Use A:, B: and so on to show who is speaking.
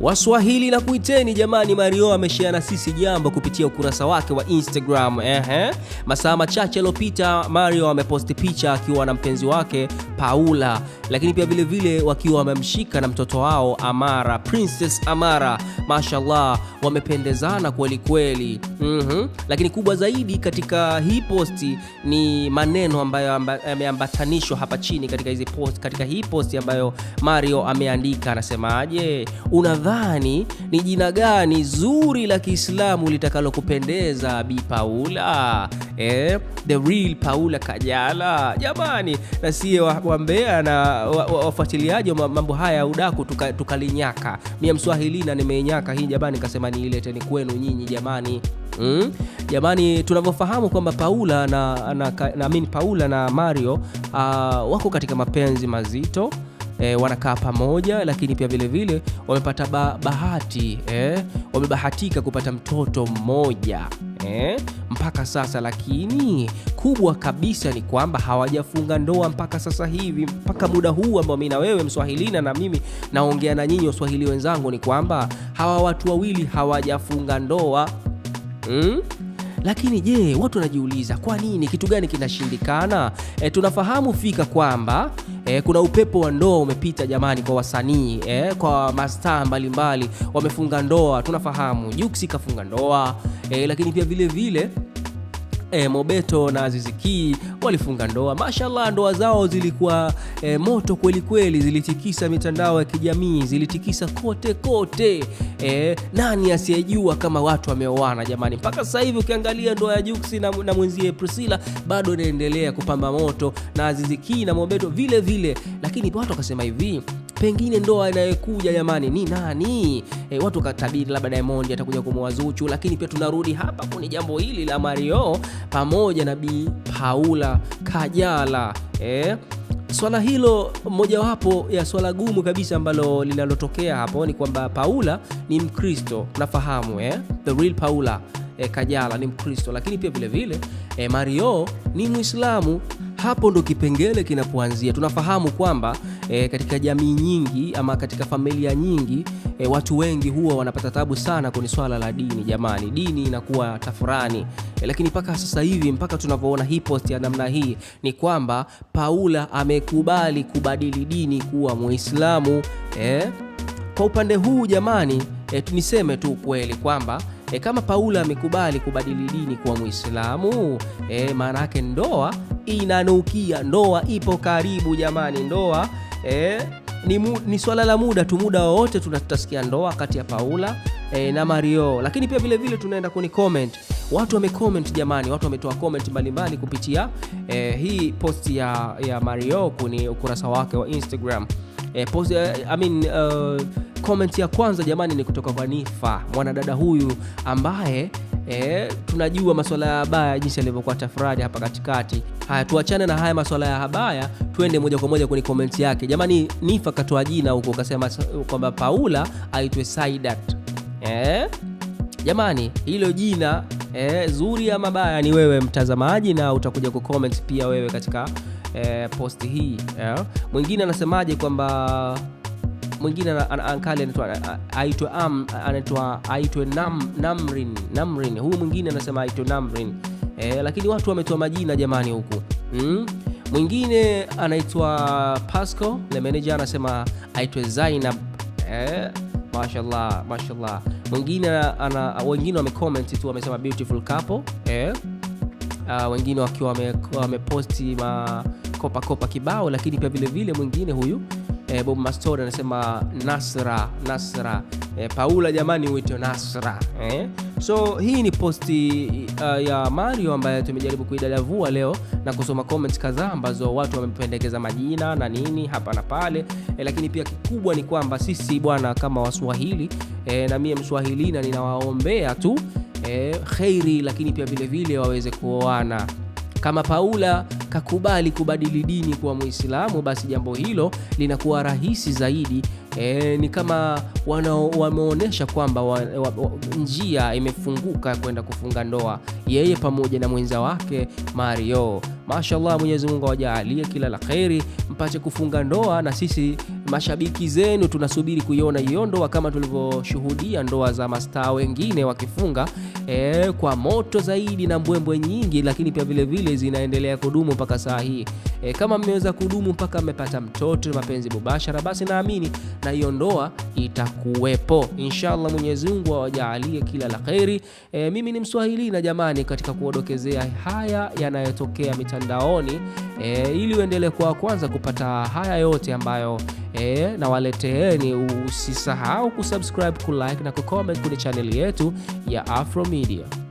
A: Waswahili na kuiteni jamani, Mario ameshare na sisi jambo kupitia ukurasa wake wa Instagram. eh. masaa machache yaliyopita Mario ameposti picha akiwa na mpenzi wake Paula, lakini pia vilevile wakiwa wamemshika na mtoto wao Amara, Princess Amara. Mashallah, wamependezana kwelikweli mm-hmm. lakini kubwa zaidi katika hii posti ni maneno ambayo yameambatanishwa amba, hapa chini katika hizi post, katika hii posti ambayo Mario ameandika anasemaje unadhani ni jina gani zuri la Kiislamu litakalokupendeza Bi Paula eh, the real Paula Kajala jamani, na siye wambea na wafuatiliaji wa mambo haya ya udaku tukalinyaka, tuka mie mswahilina nimeinyaka hii jamani, nikasema niileteni kwenu nyinyi jamani. Mm. Jamani, tunavyofahamu kwamba Paula na, na, na, na Paula na Mario uh, wako katika mapenzi mazito eh, wanakaa pamoja, lakini pia vile vile wamepata ba, bahati eh, wamebahatika kupata mtoto mmoja eh, mpaka sasa, lakini kubwa kabisa ni kwamba hawajafunga ndoa mpaka sasa hivi, mpaka muda huu ambao mimi na wewe Mswahilina na mimi naongea na nyinyi Waswahili wenzangu, ni kwamba hawa watu wawili hawajafunga ndoa hmm? Lakini je, watu wanajiuliza kwa nini? Kitu gani kinashindikana? E, tunafahamu fika kwamba e, kuna upepo wa ndoa umepita jamani, kwa wasanii e, kwa mastaa mbalimbali wamefunga ndoa. Tunafahamu Juksi kafunga ndoa e, lakini pia vilevile vile, e, Mobeto na Aziziki walifunga ndoa. Mashallah, ndoa zao zilikuwa e, moto kweli kweli, zilitikisa mitandao ya kijamii, zilitikisa kote kote. E, nani asiyejua kama watu wameoana jamani? Mpaka sasa hivi ukiangalia ndoa ya Juksi na, na mwenzie Priscilla bado inaendelea kupamba moto na Aziziki na Mobeto vile vile, lakini watu wakasema hivi pengine ndoa inayokuja jamani ni nani? E, watu wakatabiri labda Diamond atakuja kumwoa Zuchu, lakini pia tunarudi hapa kwenye jambo hili la Mario pamoja na Bi Paula Kajala e? Swala hilo mojawapo ya swala gumu kabisa ambalo linalotokea hapo ni kwamba Paula ni Mkristo, nafahamu eh? The real Paula E, Kajala ni Mkristo, lakini pia vilevile e, Mario ni Mwislamu. Hapo ndo kipengele kinapoanzia. Tunafahamu kwamba e, katika jamii nyingi ama katika familia nyingi e, watu wengi huwa wanapata tabu sana kwenye swala la dini. Jamani, dini inakuwa tafurani e, lakini mpaka sasa hivi mpaka tunavyoona hii post ya namna hii ni kwamba Paula amekubali kubadili dini kuwa Muislamu e. Kwa upande huu jamani e, niseme tu kweli kwamba e, kama Paula amekubali kubadili dini kuwa Muislamu e, maana yake ndoa inanukia, ndoa ipo karibu jamani, ndoa eh, ni, mu, ni swala la muda tu, muda wowote tutasikia ndoa kati ya Paula eh, na Mario. Lakini pia vile vile tunaenda kuni comment, watu comment jamani, watu wametoa comment mbalimbali kupitia eh, hii post ya, ya Mario kuni ukurasa wake wa Instagram eh, post, eh, I mean, uh, comment ya kwanza jamani ni kutoka kwa Nifa, mwanadada huyu ambaye E, tunajua masuala ya habaya jinsi yalivyokuwa tafurahi hapa katikati. Haya, tuachane na haya masuala ya habaya, tuende moja kwa moja kwenye komenti yake. Jamani, Nifa katoa jina huko, ukasema kwamba Paula aitwe Saidat. E, jamani hilo jina e, zuri ama baya ni wewe mtazamaji, na utakuja ku pia wewe katika e, posti hii e. Mwingine anasemaje kwamba mwingine ankali anaitwa aitwe am anaitwa aitwe nam, namrin namrin huyu mwingine anasema aitwe namrin e, lakini watu wametoa majina jamani huku mm? mwingine anaitwa pasco le manager anasema aitwe zainab e, mashallah mashallah mwingine ana wengine wamecomment tu wamesema beautiful couple eh uh, wengine wakiwa wameposti wame makopakopa kibao, lakini pia vilevile mwingine huyu eh, Bob Mastori anasema nasra nasra eh, Paula jamani, wito nasra eh? So hii ni posti uh, eh, ya Mario ambaye tumejaribu kuidadavua leo na kusoma comments kadhaa ambazo watu wamependekeza majina na nini hapa na pale eh, lakini pia kikubwa ni kwamba sisi bwana kama Waswahili eh, na mie Mswahili na ninawaombea tu eh, kheri, lakini pia vilevile waweze kuoana kama Paula kakubali kubadili dini kuwa Muislamu, basi jambo hilo linakuwa rahisi zaidi. E, ni kama wameonyesha kwamba wa, wa, wa, njia imefunguka kwenda kufunga ndoa yeye pamoja na mwenza wake Mario. Mashallah, Mwenyezi Mungu awajaalie kila la kheri, mpate kufunga ndoa na sisi mashabiki zenu, tunasubiri kuiona hiyo ndoa kama tulivyoshuhudia ndoa za mastaa wengine wakifunga e, kwa moto zaidi na mbwembwe nyingi, lakini pia vile vile zinaendelea kudumu mpaka saa hii. E, kama mmeweza kudumu mpaka mmepata mtoto mapenzi mubashara, basi naamini na hiyo ndoa itakuwepo inshallah. Mwenyezi Mungu awajaalie kila la kheri. E, mimi ni Mswahili na jamani, katika kuodokezea haya yanayotokea mitandaoni e, ili uendelee kuwa kwanza kupata haya yote ambayo e, na waleteeni. Usisahau kusubscribe, kulike na kucomment kwenye chaneli yetu ya afromedia